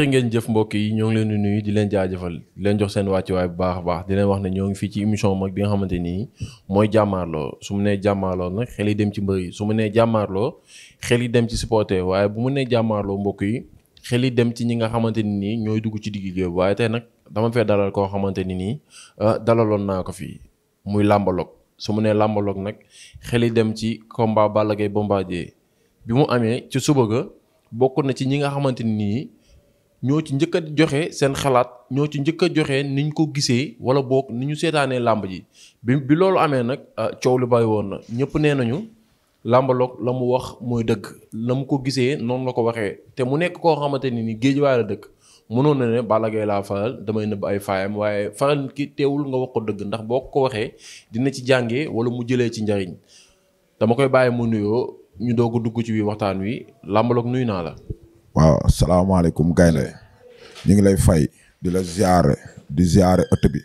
jërë ngeen jëf mbokk yi ñoo ngi leen di nuyu di leen jaajëfal di leen jox a baax di leen wax ne ñoo mooy jàmmaarloo su mu nee jàmmaarloo nag xel dem ci mbër yi su mu nee jàmmaarloo xel yi dem ci supporter waaye bu mu nee mbokk yi xel yi dem ci ñi nga xamante ni nii ñooy dugg ci digg géew waaye tey nag dama fee dalal koo xamante ni nii ah, dalaloon naa ko fii muy làmbaloog su mu nee làmbaloog nag xel yi dem ci combat Balla Gaye Bombardier bi mu amee ci suba ga bokk na ci ñi nga xamante ni ñoo ci njëkk a joxe seen xalaat ñoo ci njëkk a joxe niñ ko gisee wala boog ni ñu seetaanee làmb ji bi bi loolu amee nag ah, coow lu bàyyi woon na ñëpp nee nañu làmbaloog la mu wax mooy dëgg la mu ko gisee noonu la ko waxee te mu nekk koo xamante ni ni géej waaye la dëkk mënoon na ne Balla Gaye laa faral damay nëbb ay faayam waaye faral ki teewul nga wax ko dëgg ndax boo ko ko waxee dina ci jàngee wala mu jëlee ci njariñ dama koy bàyyi mu nuyoo ñu doog a dugg ci biir waxtaan wi làmbaloog nuyu naa la. waaw salaamaaleykum gaynde ñu ngi lay fay di la ziare di ziare ëtt bi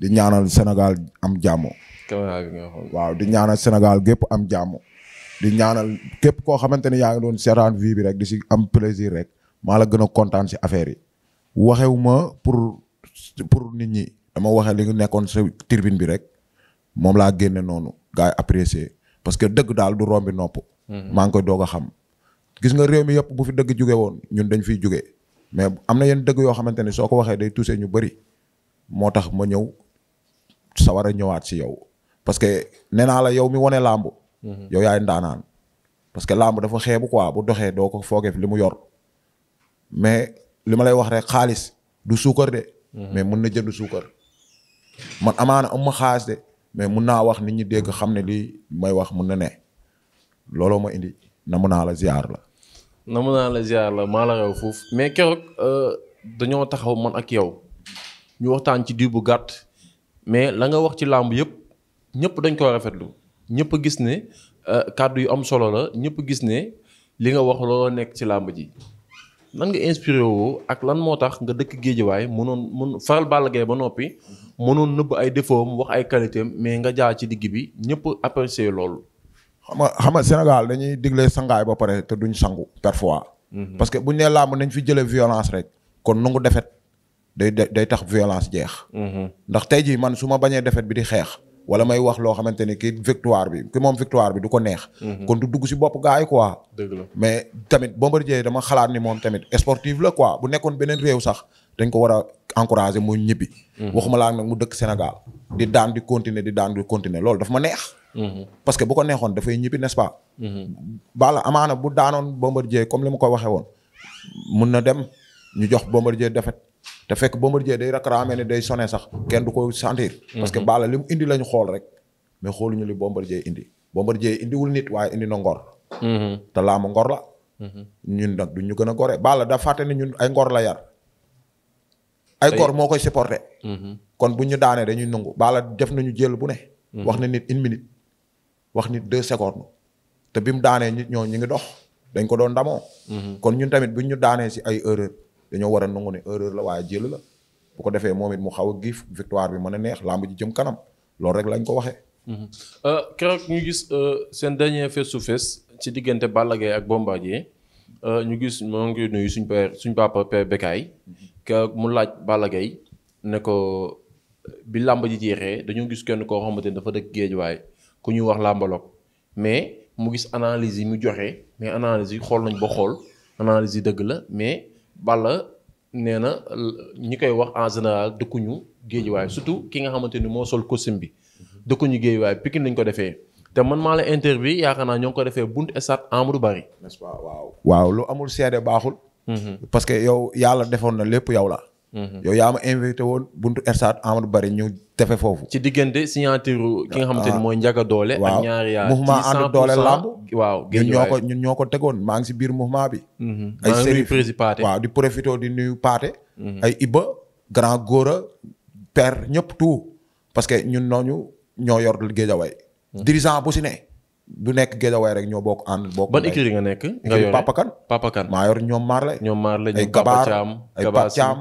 di ñaanal Sénégal am jàmm. waaw di ñaanal Sénégal gépp am jàmm. di ñaanal képp koo xamante ni yaa ngi doon seetaan vie bi rek di si am plaisir rek maa la gën a kontaan si affaire yi. waxewu ma pour pour nit ñi dama waxe li nga nekkoon sa tribune bi rek moom laa génne noonu gars yi apprécier parce que dëgg daal du bi noppu mhm. maa ngi koy doog a xam. gis nga réew mi yëpp bu fi dëgg jóge woon ñun dañ fiy jóge mais am na yenn dëgg yoo xamante ne soo ko waxee day touché ñu bëri moo tax ma ñëw sa a ñëwaat si yow parce que nee naa la yow mi wane làmb mhm. yow yaay ndaanaan parce que làmb dafa xeebu quoi bu doxee doo ko foogee fi li mu yor mais li ma lay wax rek xaalis du suukar de mhm. mais mun na jënd suukar man amaana am ma xaalis de mais mun naa wax nit ñi dégg xam ne lii may wax mun na ne looloo ma indi namu naa la ziar la na mu naa la ziar la maa la rew foofu mais keroog euh, dañoo taxaw man ak yow ñu waxtaan ci diw bu gàtt mais la nga wax ci làmb yëpp ñëpp dañ koo rafetlu ñëpp gis ne euh, kàddu yu am solo la ñëpp gis ne li nga wax looloo nekk ci làmb ji lan nga inspiré woo ak lan moo tax nga dëkk géejuwaay mënoon mën faral Balla Gaye ba noppi mënoon nëbb ay défaut am wax ay qualité am mais nga jaar ci digg bi ñëpp apprécier loolu xam nga xam nga Sénégal dañuy digle sangaay ba pare te duñ sangu parfois. Mhm. parce que bu buñ nee làmb nañ fi jëlee violence rek. kon nangu defet day day tax violence jeex. Mhm. ndax tey jii man su ma bañee defet bi di xeex. wala may wax loo xamante ni ki victoire bi ki moom victoire bi du ko neex. Mhm. kon du dugg si bopp gars yi quoi. dëgg la mais tamit Bombardier dama xalaat ni moom tamit sportive la quoi bu nekkoon beneen réew sax dañ ko war a encourager mu ñibbi. waxuma laa nag mu dëkk Sénégal. di daan di continuer di daan di continuer loolu daf ma neex. Mm-hmm. parce que bu ko neexoon dafay ñibbi n'est-ce pas. Mm-hmm. amaana bu daanoon Bombardier comme li ma ko waxee woon mun na dem ñu jox Bombardier defet te fekk Bombardier day rakraame ne day sone sax kenn du ko sentir. Mm-hmm. parce que baala li mu indi lañu xool rek mais xooluñu li Bombardier indi. Bombardier indiwul nit waaye indi na ngor. te laamu ngor la. ñun nag du ñu gën a gore Balla daa fàtte ne ñun ay ngor la yar. ay ngor moo koy supporté. kon bu ñu daanee dañuy nangu Balla def nañu jël bu ne. wax na nit une wax nit deux secondes te bi mu daanee nit ñoo ñu ngi dox dañ ko doon ndamoo. Mhm. kon ñun tamit buñ ñu daanee si ay erreur dañoo war a nangu ne erreur la waaye jël la bu ko defee moom it mu xaw a giif victoire bi mën a neex làmb ji jëm kanam loolu rek lañ ko waxee. Mhm. Euh, keroog ñu gis euh, seen dernier face to face ci diggante Balla Gaye ak Bombardier euh, ñu gis moo ngi nuyu suñ suñ papa père Bécaye keroog mu laaj Balla Gaye ne ko bi làmb ji jeexee dañoo gis kenn koo xamante ni dafa dëkk géej waaye. ku ñuy wax làmbaloog mais mu gis analyse yi mu joxe mais analyse yi xool nañ ba xool analyse dëgg la mais bala nee na ñi koy wax en général dëkkuñu géejuwaay surtout ki nga xamante ni moo sol costume bi dëkkuñu géejuwaay Pikine nañ ko defee te man maa la interview yaakaar naa ñoo ngi ko defee bunt estat Amadou Barry n'est-ce waaw lu amul seede baaxul mhm. parce que yàlla defoon na lépp yow la Mm-hmm. yow yaa ma invité woon buntu Ersat Amadou Bari ñu tefe foofu. ci diggante signature ki nga ah. xamante ni mooy Ndiaga Dollé. ak ñaari yaa mouvement doole làmb. waaw ñun ñoo ko ñun ñoo ko tegoon maa ngi si biir mouvement bi. Mm-hmm. ay sérif waaw di profité di nuyu Paate. Mm-hmm. ay Iba grand Gora père ñëpp tout parce que ñun nooñu ñoo yor Géejawaay. dirigeant bu si ne. du nekk Géejawaay rek ñoo bokk ànd. bokk ban écurie nga nekk. nga yore Papa Kan Papa Kan maa yor ñoom Marley. ñoom Marley ñoom Papa Thiam ay Gabaar ay Papa Thiam.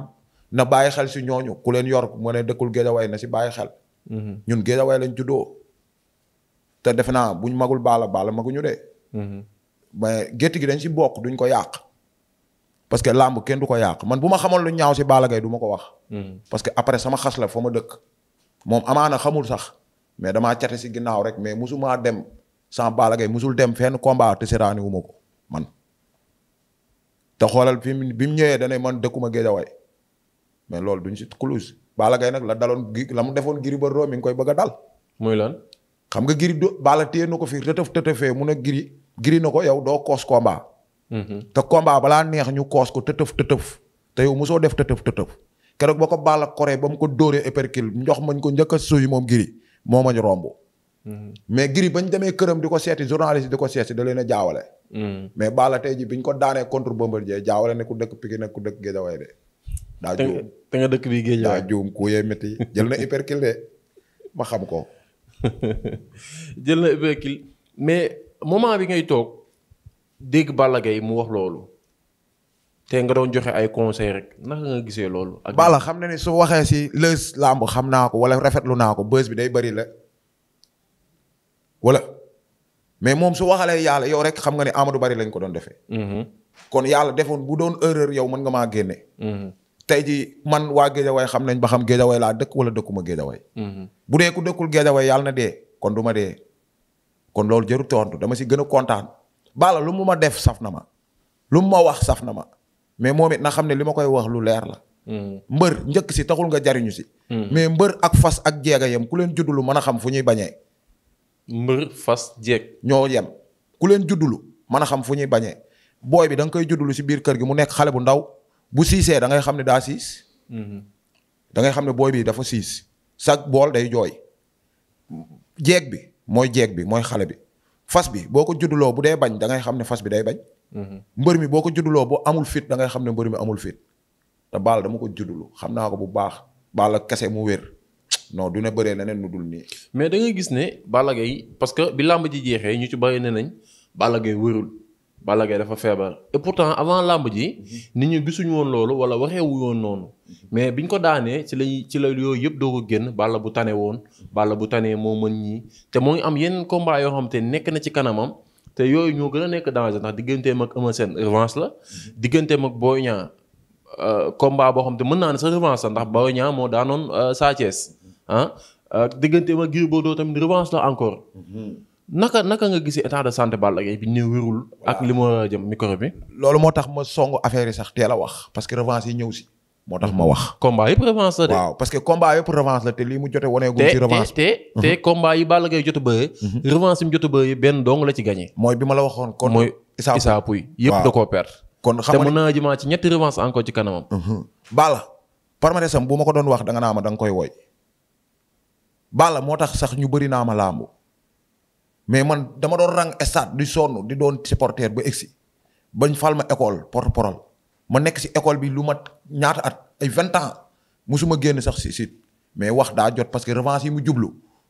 na bàyyi xel si ñooñu ku leen yor mu ne dëkkul géejawaay na si bàyyi xel. Mhm. ñun géejawaay lañ juddoo. te defe naa bu ñu magul baala baala maguñu de. Mhm. mais gétt gi dañ si bokk duñ ko yàq. parce que làmb kenn du ko yàq man bu ma xamoon lu ñaaw si Balla Gaye du ma ko wax. Mhm. parce que après sama xas la fa ma dëkk. moom amaana xamul sax mais damaa cate si ginnaaw rek mais musumaa dem sans Balla Gaye musul dem fenn combat te seraani wu ma ko man. te xoolal fi bi mu ñëwee da ne man dëkkuma mais loolu duñ si close Balla Gaye nag la daloon gi la mu defoon Gris Bordeaux mi ngi koy bëgg a dal. muy lan. xam nga Gris do Balla téye na ko fi rëtëf tëtëfee mu ne Gris Gris na ko yow doo koos combat. Mhm. te combat balaa neex ñu koos ko tëtëf tëtëf. te yow soo def tëtëf tëtëf. keroog ba ko baala koree ba mu ko dóoree épercule njox ma ko njëkk a suy moom Gris moo mañ romb. Mhm. mais Gris bañ demee këram di ko seeti journaliste di ko seeti da leen a jaawale. Mhm. mais Balla tey ji biñ ko daanee contre Bombardier jaawale daa juum te nga dëkk bi géej daa juum ku jël na hypercule de ma xam ko. jël na hypercule mais moment bi ngay toog dégg Balla Gaye mu wax loolu te nga doon joxe ay conseil rek naka nga gisee loolu. ak Balla xam na ne su waxee si lës làmb xam naa ko wala rafetlu naa ko bës bi day bari la wala. mais moom su waxalee yàlla yow rek xam nga ne Amadou Bari lañ ko doon defee. Mm-hmm. kon yàlla defoon bu doon erreur yow mën nga maa génne. Mm-hmm. tey ji man waa Géejawaay xam nañ ba xam Géejawaay laa dëkk wala dëkkuma Géejawaay. Mhm. bu dee ku dëkkul Géejawaay yàlla na dee kon du ma dee kon loolu jëru tontu dama si gën a kontaan. Balla lu mu ma def saf na ma lu mu ma wax saf na ma mais moom it na xam ne li ma koy wax lu leer la. Mhm. mbër njëkk si taxul nga jariñu si. Mhm. mais mbër ak fas ak jeega yem ku leen lu mën a xam fu ñuy bañee. mbër fas jeeg. ñoo yem ku leen juddulu mën a xam fu ñuy bañee booy bi da koy juddulu si biir kër gi mu nekk xale bu ndaw. bu siisee dangay xam ne daa siis. Mm-hmm. da ngay xam ne booy bii dafa siis. chaque bool day jooy. jeeg bi mooy jeeg bi mooy xale bi fas bi boo ko judduloo bu dee bañ da ngay xam ne fas bi day bañ. Mm-hmm. mbër mi boo ko judduloo bu amul fit da ngay xam ne mbër mi amul fit. te baal dama ko juddulu xam naa ko bu baax baal kese mu wér. non du ne bëree leneen lu dul nii. mais da ngay gis ne Balla Gaye parce que bi làmb ji jeexee ñu ci bàyyi ne nañ Balla Gaye wérul. Balla Gaye dafa feebar et pourtant avant làmb ji mhm. nit ñu gisuñu woon loolu wala waxewu yoon noonu mhm. mais biñ ko daanee ci lañ ci la yooyu yëpp doo ko génn Balla bu tane woon Balla bu tanee moo mën ñii te moo ngi am yenn combat yoo xam te nekk na ci kanamam te yooyu ñoo gën a nekk danger ndax digganteem ak Eumeu seen revanche la mhm. digganteem ak Boy Niang euh, combat boo xam te mën naa ne sa revanche la ndax Boy Niang moo daanoon euh, Sa Thiès ah euh, digganteem ak Gris Bordeaux tamit revanche la encore naka naka nga gisee état de santé Balla Gaye bi néew wérul ak li ma jëm micro bi. loolu moo tax ma song affaire yi sax teel a wax parce que revanche yi ñëw si. moo tax ma mhm. wax. combat yëpp revanche la de. waaw parce la te lii mu jote waneegum ci revanche. te te te mhm. combat yi Balla Gaye jot a bëre. Mhm. revanche yi mu jot a bëre benn dong la ci gagné. mooy bi ma la waxoon kon. mooy Issa Pouye yëpp da koo perte. kon xam nga te mën naa jimaa ci ñetti revanche encore ci kanamam. Balla palmarès am bu ma ko doon wax da nga naa ma da koy woy moo tax sax ñu bëri naa ma làmbu mais man dama doon rang stade di sonn di doon supporter ba egsi bañ fal ma école porte parole ma nekk si école bi lu mat ñaata at ay vingt ans musuma génn sax si site mais wax daa jot parce que revanche yi mu jublu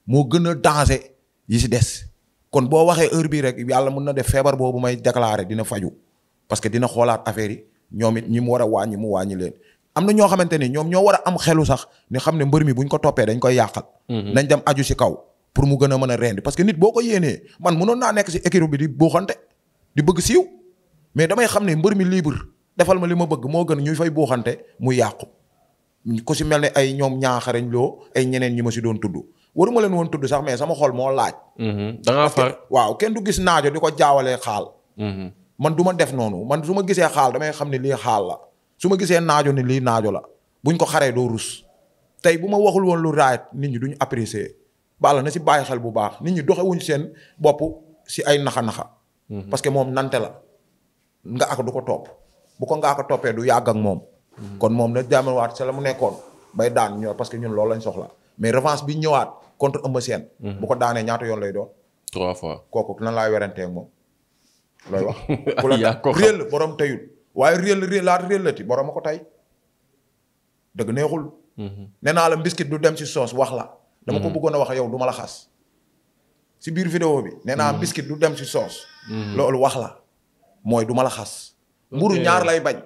moo gën a danger yi si des kon boo waxee heure bii rek yàlla mun na def feebar boobu may déclarer dina faju parce que dina xoolaat affaire yi ñoom it ñi mu war a wàññi mu wàññi leen am na ñoo xamante ni ñoom ñoo war a am xelu sax ni xam ne mbër mi buñ ko toppee dañ koy yàqal. Mm-hmm. nañ dem aju si kaw. pour mu gën a mën a rendi parce que nit boo ko yéenee man mënoon naa nekk si équipe bi di buuxante di bëgg siiw mais damay xam ne mbër mi libre defal ma li ma bëgg moo gën ñuy fay buuxante mu yàqu. ku si mel ne ay ñoom ñaaxarañ loo ay ñeneen ñi ma si doon tudd waruma leen woon tudd sax mais sama xol moo laaj. Mm-hmm. da ngaa waaw kenn du gis naajo di ko jaawalee xaal. Mm-hmm. man du ma def noonu man su ma gisee xaal damay xam ne lii xaal la su ma gisee naajo ne lii naajo la buñ ko xaree doo rus tey bu ma waxul woon lu raayat nit ñi duñ apprécier. Balla na si bàyyi xel bu baax nit ñi doxewuñ seen bopp si ay naxa-naxa. Mhm. parce que moom nante la. nga ak du ko topp bu ko ngaa ko toppee du yàgg ak moom. Mhm. kon moom na jaamewaat sa la mu nekkoon bay daan ñor parce que ñun loolu lañ soxla mais revanche bi ñëwaat contre Eumeu Sène. Mhm. bu ko daanee ñaata yoon lay doon. trois fois kooku nan laay werantee ak moom. looy wax ku la réel borom teyul waaye réel réel la ti borom a ko tey dëgg neexul. nee naa la mbiskit du dem si soos wax la. dama ko mm-hmm. bëggoon a wax yow du ma la xas. si biir vidéo bi. nee naa mm-hmm. biscuit du dem si soos. Mm-hmm. loolu wax la mooy duma la xas. mburu ñaar lay bañ.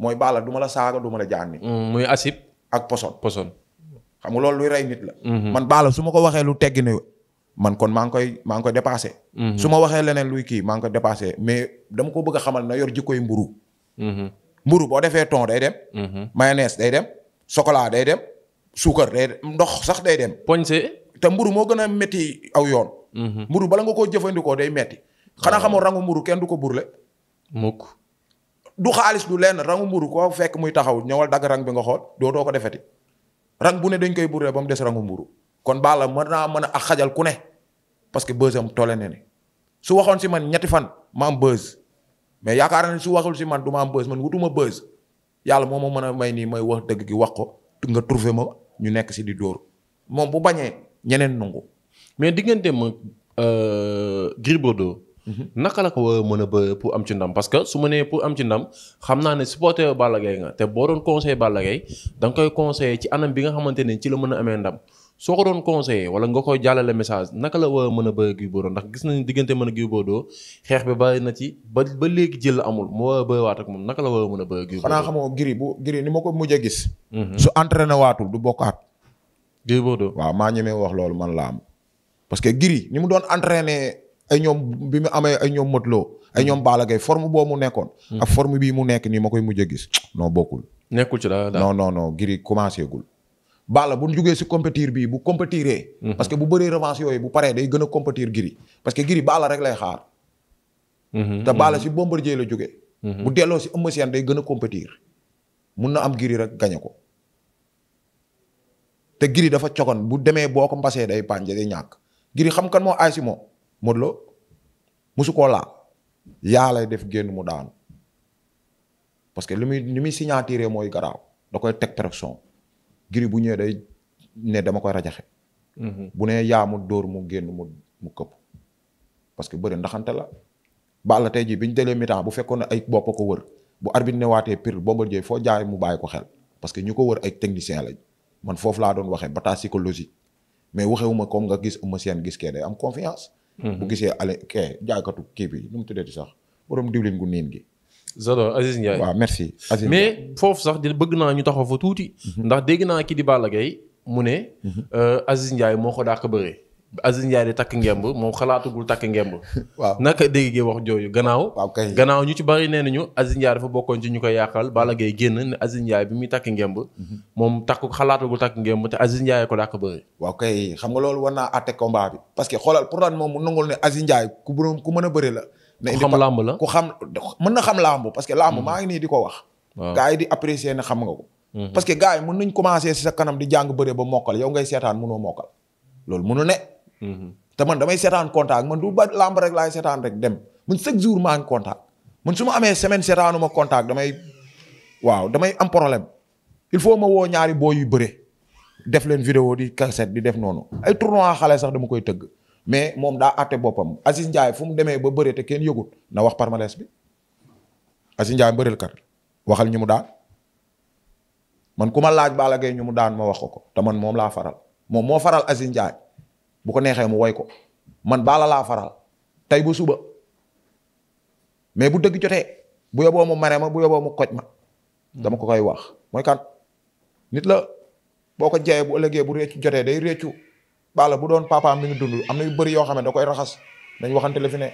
mooy baala du ma la saaga du la jaanni. Mm, muy asib. ak poson poson. xam nga loolu luy rey nit la. man baala su ma ko waxee lu teggi ne man kon maa ngi koy maa ngi koy dépassé. su ma waxee leneen luy kii maa ngi koy dépassé mais dama ko bëgg xamal na yor ji koy mburu mburu boo defee ton day dem. mayonnaise day dem. chocolat day dem. suukar day ndox sax day dem. poñse. te mburu moo gën a métti aw yoon. Mhm. mburu bala nga koo jëfandikoo day metti xanaa xamoo rangu mburu kenn du ko burle. mukk du xaalis du lenn rangu mburu koo fekk muy taxaw ñëwal dagg rang bi nga xool doo doo ko defeti rang bu ne dañ koy burle ba mu des rangu mburu kon Balla mën naa mën a xajal ku ne parce que buzz am tolle ne ni su waxoon si man ñetti fan ma am buzz mais yaakaar na su waxul si man du ma am buzz man wutuma buzz yàlla moo ma mën a may nii may wax dëgg gi wax ko. nga trouvé ma ñu nekk si di dóor moom bu bañee ñeneen nangu. mais diggante ma euh, Gris Bordeaux mhm. naka la ko war a mën a bëre pour am ci ndam parce que su ma nee pour am ci ndam xam naa ne supporter Balla Gaye nga te boo doon conseil Balla Gaye da koy conseillé ci anam bi nga xamante ne ci la mën a amee ndam. soo ko doon conseillé wala nga koy jàllale message naka la war a mën a bëre Gris Bordeaux ndax gis nañu diggante mën a Gris Bordeaux xeex bi bari na ci ba ba léegi jël amul mu war a bëre waat naka la war a mën a bëre Gris xamoo Gris bu Gris ni ma ko mujj a gis mhm. su entraîné waatul du bokkaat Gris Bordeaux waaw maa ñemee wax loolu man la am parce que Gris ni mu doon entraîné ay ñoom bi mu amee ay ñoom motloo ay ñoom mhm. Balla Gaye forme boo mu nekkoon ak mhm. forme bii mu nekk nii ma koy mujj a gis non bokkul nekkul ci dara non non non Gris commencé gul baala bu ñu si compétir bii bu compétiree. Mhm. parce que bu bëree revanche yooyu bu paree day gën a compétir giri parce que giri Balla rek lay xaar. Mhm. te Balla mhm. si Bombardier la jóge bu delloo si Eumeu Sène day gën a compétir. mun na am giri rek gañe ko. te giri dafa cogoon bu demee boo ko mbasee day pànje day ñàkk giri xam kan moo aay si moom Modou Lo musu koo laal yaa lay def génn mu daanu parce que li muy li muy signature mooy garaaw da koy teg pression Gris bu ñëwee day ne dama koy rajaxe mhm. bu ne yaa mu dóor mu génn mu mu këpp parce que bëri ndaxante la Balla tey jii bi ñu delee mi bu fekkoon ne ay bopp ko wër bu arbitre ne waatee pire Bombardier foo jaay mu bàyyi ko xel parce que ñu ko wër ay technicien lañ man foofu laa doon waxee bataille psychologique mais waxewuma comme nga gis Eumeu seen gis kee day am confiance mhm. bu gisee ale kee jaaykatu kii bi nu mu tuddee sax borom diwlin gu niin gi solo Aziz Ndiaye waaw merci. Aziz mais foofu sax di bëgg naa ñu tax taxaw fa tuuti. Mhm. ndax dégg naa ki di Balla Gaye mu ne. Mhm. Euh, Aziz Ndiaye moo ko dàq bëree. Aziz Ndiaye di takk ngemb moom xalaatugul takk ngemb. waaw naka dégg wax jooju gannaaw. waaw kay gannaaw ñu ci bari nee nañu Aziz Ndiaye dafa bokkoon ci ñu koy yàqal Balla mhm. Gaye génn ne Aziz bi muy takk ngemb. moom takk xalaatugul takk ngemb te Aziz Ndiaye ko dàq bëri. waaw kay xam nga loolu war naa àtte combat bi. parce que xoolal pourtant moom mu nangul ne Aziz Ndiaye ku borom ku mën a bëri la na indi ku xam làmb la ku xam mën na xam làmb parce que làmb hmm. maa ngi nii di ko wax. waaw gars yi di apprécier ne xam nga ko. Hmm. parce que yi mën nañ commencer si sa kanam di jàng bëre ba mokkal yow ngay seetaan mënoo mokkal loolu mënu ne. Hmm. te man damay seetaan contact man du ba làmb rek laay seetaan rek dem man chaque jour maa ngi contact man su ma amee semaine seetaanu ma contact damay waaw damay am problème il faut ma woo ñaari boo yu bëre def leen vidéo di cassette di def noonu ay tournoi xale sax dama koy tëgg. mais moom daa àtte boppam Aziz Ndiaye fu mu demee ba bëre te kenn yëgut na wax palmarès bi Aziz Ndiaye mbëreel kat waxal ñu mu daan man ku ma laaj Balla gay ñu mu daan ma wax ko ko te man moom laa faral moom moo faral Aziz Ndiaye bu ko neexee mu woy ko man baala laa faral tey bu suba mais bu dëgg jotee bu yoboo mu mare ma bu yoboo mu koj ma dama ko koy wax mooy kan nit la boo ko jeyee bu ëllëgee bu réccu jotee day réccu baala bu doon papaam mi ngi dund am na yu bëri yoo xam ne da koy raxas dañ waxante la fi ne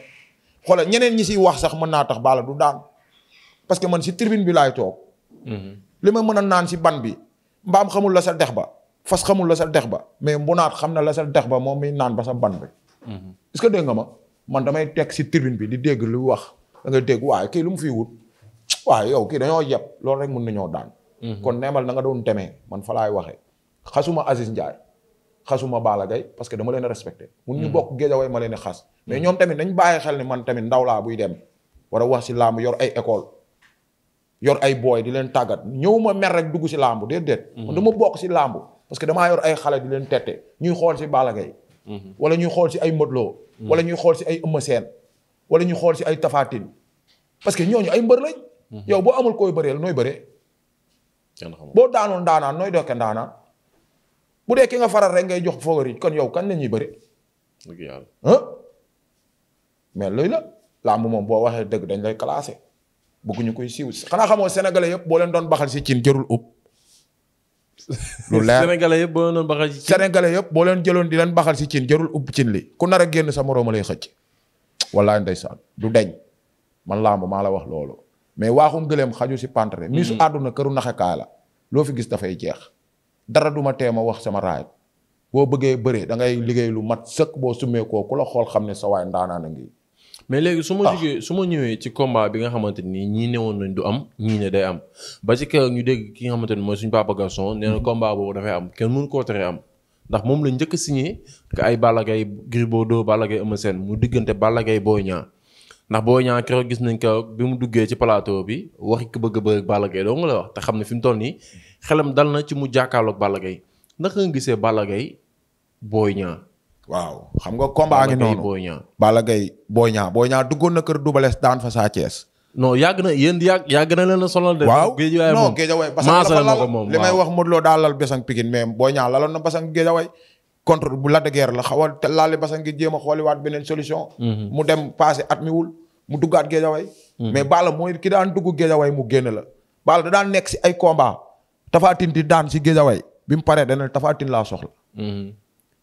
xoolal ñeneen ñi siy wax sax mën naa tax baala du daan parce que man si tirbine bi laay toog. Mhm. li ma mën a naan si ban bi mbaam xamul la sa dex ba fas xamul la sa dex ba mais mbunaat xam na la sa dex ba moom miy naan ba sa ban bi. Mhm. dégg nga ma man damay teg si tirbine bi di dégg lu wax da ngay dégg waaye kii lu mu fiy wut waaye yow kii dañoo yeb loolu rek mën nañoo daan. Mhm. kon neemal na nga doon demee man fa laay waxee xasuma Aziz Ndiaye. xasuma Balla Gaye parce que dama leen respecté. mun ñu hmm. bokk géejawaay ma leen xas. Hmm. mais ñoom tamit nañ bàyyi xel ne man tamit ndaw laa buy dem. war a wax si làmb yor ay école yor ay booy di leen tàggat ñëw ma mer rek dugg si làmb déedéet. Hmm. man dama bokk si làmb parce que damaa yor ay xale di leen tette ñuy xool ci Balla Gaye wala ñuy xool ci ay Modou Lo wala ñuy xool si ay Eumeu Sène wala ñuy xool ci ay tafaatin parce que ñooñu ay mbër lañ. yow boo amul koy bëreel nooy bëree. boo daanoon bu dee ki nga faral rek ngay jox favori kon yow kan la ñuy bëri. dëgg yàlla ah. mais loolu la làmb moom boo waxee dëgg dañ lay classé ñu koy siiw xanaa xamoo sénégalais yëpp boo leen doon baxal si cin jërul ub. lu leer sénégalais yëpp boo leen doon baxal cin yëpp boo leen jëloon di leen baxal si cin jërul ub cin li ku nar a génn sa moroom lay xëcc. wallaay ndeysaan du deñ man làmb maa la wax loolu mais waaxum gëleem xaju si pantre. miisu mm-hmm. àdduna këru naxekaay la loo fi gis dafay jeex. dara duma tee ma wax sama raayat boo bëggee bëree da ngay liggéey lu mat sëkk boo summee koo ku la xool xam ne sa waay ndaanaan ngi. mais léegi su ma ah. jugee su ma ñëwee ci combat bi nga xamante ni ñii woon nañ du am ñii ne day am ba ci keroog ñu dégg ki nga xamante ni mooy suñu papa Gaston nee na mm-hmm. combat boobu dafay am kenn mënu koo teree am ndax moom la njëkk a signé ay Balla Gaye boo Bordeaux Balla Gaye Eumeu Sène mu diggante ballagay boo ñaa ndax Boy Niang keroog gis nañ ko bi mu duggee ci palaato bi wax waxi ko bëgg a bëgg Balla Gaye doo nga la wax te xam ne fi mu toll nii xelam dal na ci mu jàkkaarloog Balla Gaye naka nga gisee Balla Gaye Boy Niang xam nga combat ngi noonu Boy Niang Balla Gaye Boy Niang Boy Niang duggoon na kër Double Less daan fa Sa Thiès non yàgg na yéen yàgg yàgg na leen a sonal de waaw géejawaay moom non géejawaay basang la ko moom li may wax Modou Lo daa lal besang Pikine mais Boy Niang laloon na basang géejawaay contre bu Lac de la xaw a laale basa ngir jéem a waat beneen solution. Mhm. mu dem passé at mi mu duggaat géejawaay. Mhm. mais baala mooy ki daan dugg géejawaay mu génn la. Balla da daan nekk si ay combat tafaatin di daan si géejawaay bi mu paree dana tafaatin laa soxla. Mhm.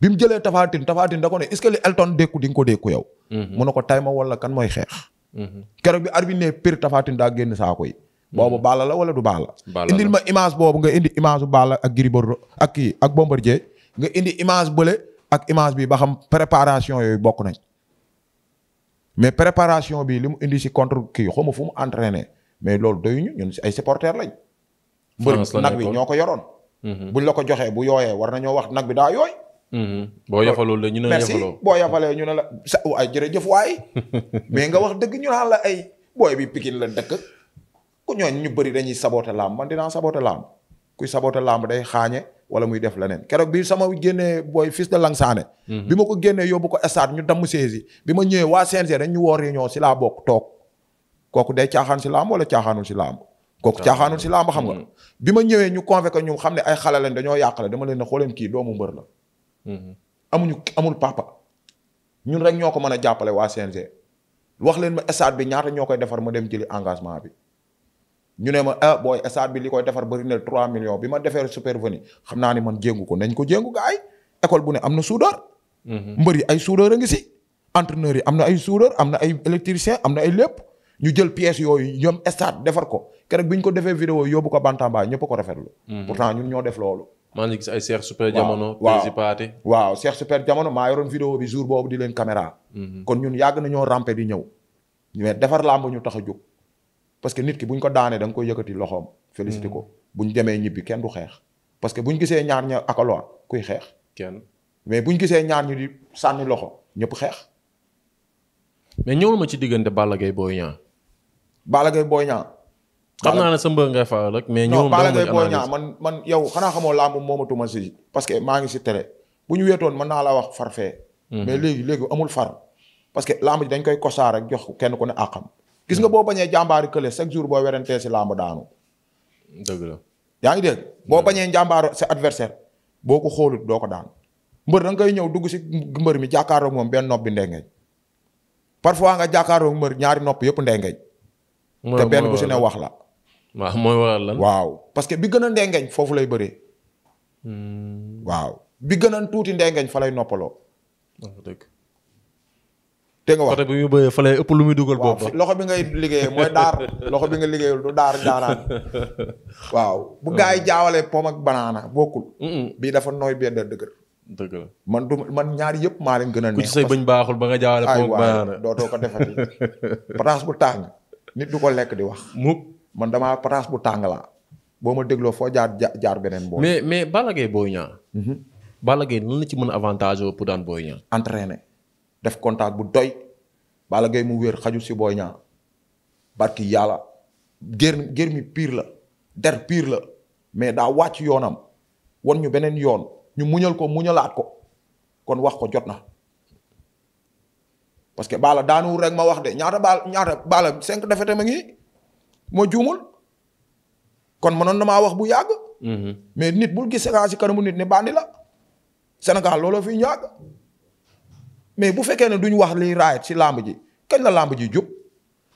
bi mu jëlee tafaatin tafaatin da ko ne est ce di nga ko dékku yow. mu ko tay ma wala kan xeex. keroog bi arbitre ne pire daa génn saako yi. boobu Balla la wala du Balla. indil ma image boobu nga indi image bu Balla ak Gris Bordeaux ak kii ak Bombardier nga indi image bële ak image bi ba xam préparation yooyu bokk nañ mais préparation bii li mu indi si contre kii xaw ma fu mu entraîné mais loolu ñu ñun si ay supporters lañ. mbër nag bi ñoo ko yoroon. Mhm. buñ la ko joxee bu yooyee war nañoo wax nag bi daa yooy. Mhm. boo yafalul la ñu ne la merci boo yafalee ñu ne la sa waay jëf waay mais nga wax dëgg ñu naan la ay booy bi Pikine la dëkk ku ñooñ ñu bëri dañuy saboote lamb man dinaa saboté lamb kuy saboté lamb day xaañe. wala muy def leneen keroog bi sama génnee booy fils de Langsaane. Mhm. bi ma ko génnee yóbbu ko stade ñu damm saisi bi ma ñëwee waa CNG dañ ñu woo réunion si laa book toog kooku day caaxaan si laam wala caaxaanul si laam. kooku caaxaanul si laam xam nga. Mhm. bi ma ñëwee ñu convoqué ñu xam ne ay xale lañ dañoo yàqale dama leen ne xooleen kii doomu mbër mhm. amuñu amul papa ñun rek ñoo ko mën a jàppale waa CNG. wax leen ma stade bi ñaata ñoo koy defar ma dem jëli engagement bi ñu ne ma ah booy stade bi li koy defar bëri na 3 millions bi ma defee supervenu xam naa ne man jéngu ko nañ ko jéngu gaay école bu ne am na soudeur. Mhm. mbër yi ay suudar a ngi si. entraîneur yi am na ay soudeur am na ay électricien am na ay lépp ñu jël pièces yooyu ñoom stade defar ko keroog bi ñu ko defee vidéo yóbbu ko Bantamba ñëpp a ko rafetlu. Mhm. pourtant ñun ñoo def loolu. maa ngi gis ay Cheikh Super Jamono. waaw waaw waaw Cheikh Super Jamono maa yoroon vidéo bi jour boobu di leen caméra. Mhm. kon ñun yàgg nañoo rampe di ñëw. mais defar làmb ñu tax a jóg. parce que nit ki buñ ko daanee da nga koy yëkkati loxoom. félicité mm. ko bu ñu demee ñibbi kenn du xeex. parce bu ñu gisee ñaar ña akaloon kuy xeex. kenn mais ñu gisee ñaar ñu di sànni loxo ñëpp xeex. mais ñëwul ma ci diggante Balla Gaye Boy Niang. Balla Gaye Boy Niang. naa ne sa mbër ngay rek mais. ñëwul Balla Gaye man man yow xanaa xamoo làmb moomatuma si. parce que maa ngi si tere bu ñu weetoon mën naa la wax farfee. Mm-hmm. mais léegi léegi amul far. parce que làmb ji dañ koy kosaar rek jox kenn ku ne àqam. gis nga boo bañee jàmbaari kële chaque jour boo werantee si làmb daanu. dëgg la yaa ngi dégg boo bañee jàmbaaru sa adversaire boo ko xoolut doo ko daan mbër da nga koy ñëw dugg si mbër mi jàkkaarloog moom benn nopp bi ndengeñ parfois nga jàkkaarloog mbër ñaari nopp yëpp ndengeñ. te benn bu si ne wax la. waaw mooy waaw parce que bi gën a ndengeñ foofu lay bëree. Hmm. waaw bi gën a tuuti ndengeñ fa lay noppaloo. dëgg te nga wax fa ëpp lu muy dugal. boobu loxo bi ngay liggéeyee mooy daar loxo bi nga liggéeyul du daar daaraan. waaw bu gaa yi jaawalee pomme ak banaana bokkul. bii dafa nooy bee da dëgër. man du man ñaar yëpp maa leen gën a neex. ku ci baaxul ba nga jaawale pomme ak banaana ko defati bu tàng nit du ko lekk di wax. mu man damaa pataas bu tàng la boo ma dégloo foo jaar jaar beneen boor. mais mais Balla Gaye Boy Niang. Mhm. la ci mën a avantage pour daan Boy Niang. entraîner. def contact bu doy Balla Gaye mu wér xaju si Boy Niang barki yàlla gér gér mi la der piir la mais daa wàcc yoonam won ñu beneen yoon ñu muñal ko muñalaat ko kon wax ko jot na parce que Balla daanu rek ma wax de ñaata Balla ñaata Balla cinq défaites ma ngi ma juumul kon mënoon na maa wax bu yàgg. Mhm. mais nit bul gis séquence si kanamu nit ne bandi la Sénégal looloo fi ñu yàgg. mais bu fekkee ne duñ wax liy raayat ci làmb ji kañ la làmb ji jub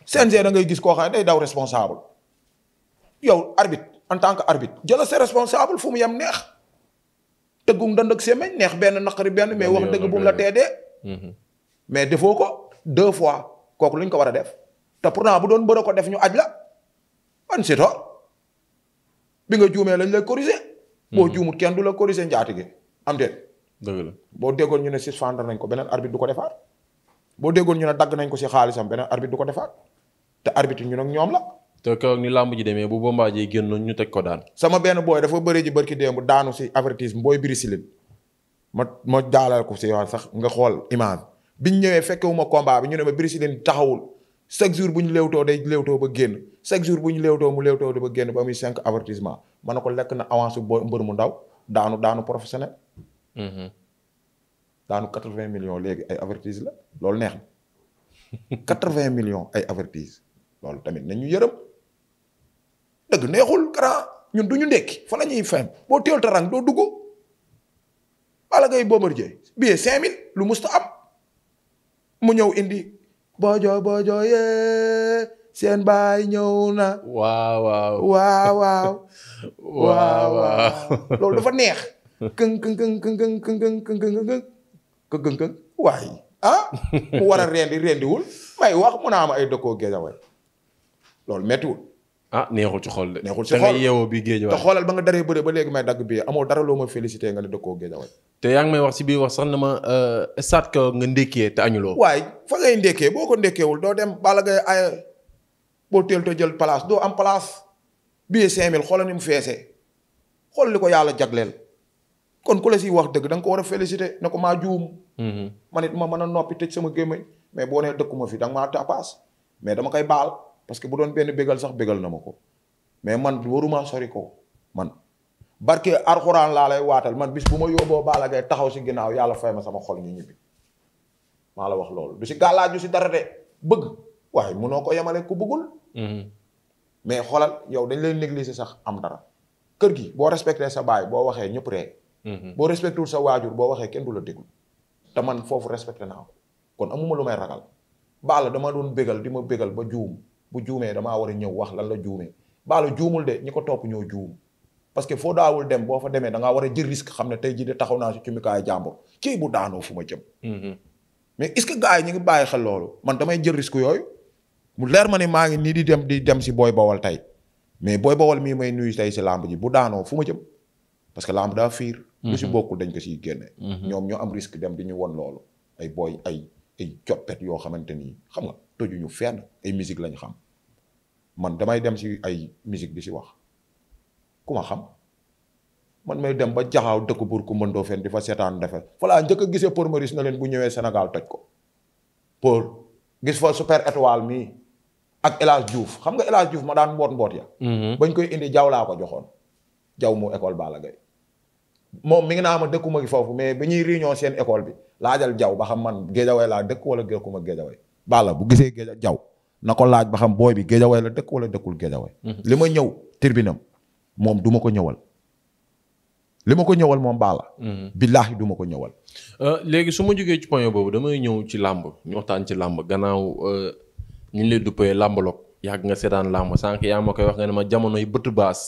CNG da ngay gis koo xam ne day daw responsable yow arbitre en tant que arbitre jëla sa responsable fu mu yem neex tëggum dënd ak semeñ neex benn naqari benn mais wax dëgg bu mu la teedee mm-hmm. mais defoo ko deux fois kooku lu ko war a def te pourtant bu doon mbër ko def ñu aj la man bi nga juumee lañ la corriger boo mm-hmm. juumut kenn du la corriger njaati gi am déet dëgg la boo déggoon ñu ne suspendre nañ ko beneen arbitre du ko defaat boo déggoon ñu ne dagg nañ ko si xaalisam beneen arbitre du ko defaat te arbitre ñu nag ñoom la. te kaw ni làmb ji demee bu Bombardier génnoon ñu teg ko daan. sama benn booy dafa bëri ji barki démb daanu si avertissement booy biri silin ma ma daalal ko si yoon sax nga xool image biñ ñëwee fekkewuma combat bi ñu ne ma biri silin taxawul chaque jour bu ñu léewtoo day léewtoo ba génn chaque jour bu ñu léewtoo mu léewtoo ba génn ba muy cinq ma ne ko lekk na avance booy mbër mu ndaw daanu daanu professionnel. Mm-hmm. daanu quatre vingt millions léegi ay avertise la loolu neex na quatre vingt millions ay avertise loolu tamit nañu yërëm dëgg neexul grand ñun du ñu ndekki fa la ñuy fem boo teewul tarang doo dugg Balla Gaye Bombardier billet cinq mille lu musta am mu ñëw indi bojo bojo yee seen baay ñëw na waaw waaw waaw waaw waaw loolu dafa neex këng këng këng këng këng këng këng këng këng këng këng këng waay ah mu war a rendi rendiwul may wax mun a am ay dëkkoo géejawaay loolu méttiwul. ah neexul ci xool de. neexul ci xol da bi géejawaay te xoolal ba nga daree bëre ba léegi may dagg bii amoo dara loo ma félicité nga ne dëkkoo géejawaay. te yaa ngi may wax si biir wax sax na ma stade ka nga ndékkee te añuloo. waaye fa ngay ndékkee boo ko ndékkeewul doo dem bala ngay ay boo teel te jël place doo am place billet 5000 xoola ni mu feesee xool li ko yàlla jagleel kon ku la siy wax dëgg danga ko war a féliciter ne ko maa juum. Mm-hmm. man it ma mën a noppi tëj sama gémmiñ mais boo nee dëkkuma fi da nga maa tapas mais dama koy baal parce que bu doon benn bégal sax bégal na ma ko mais man waruma sori ko man. barke arxuraan laa lay waatal man bis bu ma yóbboo Balla Gaye taxaw si ginnaaw yàlla fay ma sama xol ñu ñibbi maa la wax loolu du si gàllaaju si dara de bëgg waaye noo ko yemale ku bëggul. Mm-hmm. mais xoolal yow dañ lay négliger sax am dara. kër gi boo respecté sa baay boo waxee ñëpp ree Mhm. boo respecté wul sa waajur boo waxee kenn du la déglu te man foofu respecté naa ko kon amuma lu may ragal baalo dama doon bégal di ma bégal ba juum bu juumee damaa war a ñëw wax lan la juumee baala juumul de ñi ko topp ñoo juum parce que foo daawul dem boo fa demee da ngaa war a jël risque xam ne tey jii de taxaw naa si cumikaayu jàmbur kii bu daanoo fu ma jëm. Mhm. mais est-ce que gars ngi bàyyi xel loolu man damay jël risque yooyu mu leer ma ne maa ngi nii di dem di dem si booy bawal tey mais booy bawal mii may nuyu tey si làmb ji bu daanoo fu ma jëm. parce que laa lamb daa fiir. lu si mhm. bokkul dañ ko siy génne. Mhm. ñoom ñu am risque dem di ñu won loolu. ay booy ay ay coppet yoo xamante ni xam nga tojuñu fenn ay musique lañ xam man damay dem si ay musique di si wax ku ma xam man may dem ba jaxaaw dëkk buur ku mën doo fen di fa seetaan defe voilà njëkk gise gisee Paul Maurice na leen bu ñëwee senegal toj ko Paul gis fa super étoile mii ak El Hadj xam nga El Hadj ma daan mboot mboot ya mhm. bañ koy indi jaww laa ko joxoon jaw mu école Balla Gaye moom mi ngi naa am a dëkkuma gi foofu mais bi ñuy réunion seen école bi laajal jaw ba xam man géejawaay laa dëkk wala dëkkuma géejawaay Balla bu gisee géeja jaw na laaj ba xam booy bi géejawaay la dëkk wala dëkkul géejawaay mm-hmm. li ma ñëw tribunam moom duma ko ñëwal li ma ko ñëwal moom Balla mm-hmm. billaahi du ma ko ñëwal euh, léegi su ma jógee ci point boobu damay ñëw ci làmb ñu waxtaan ci làmb gannaaw euh, ñu lay duppee làmbaloog yàgg nga seetaan làmb sànq yaa ma koy wax nga ne ma jamono yu bëtt baas.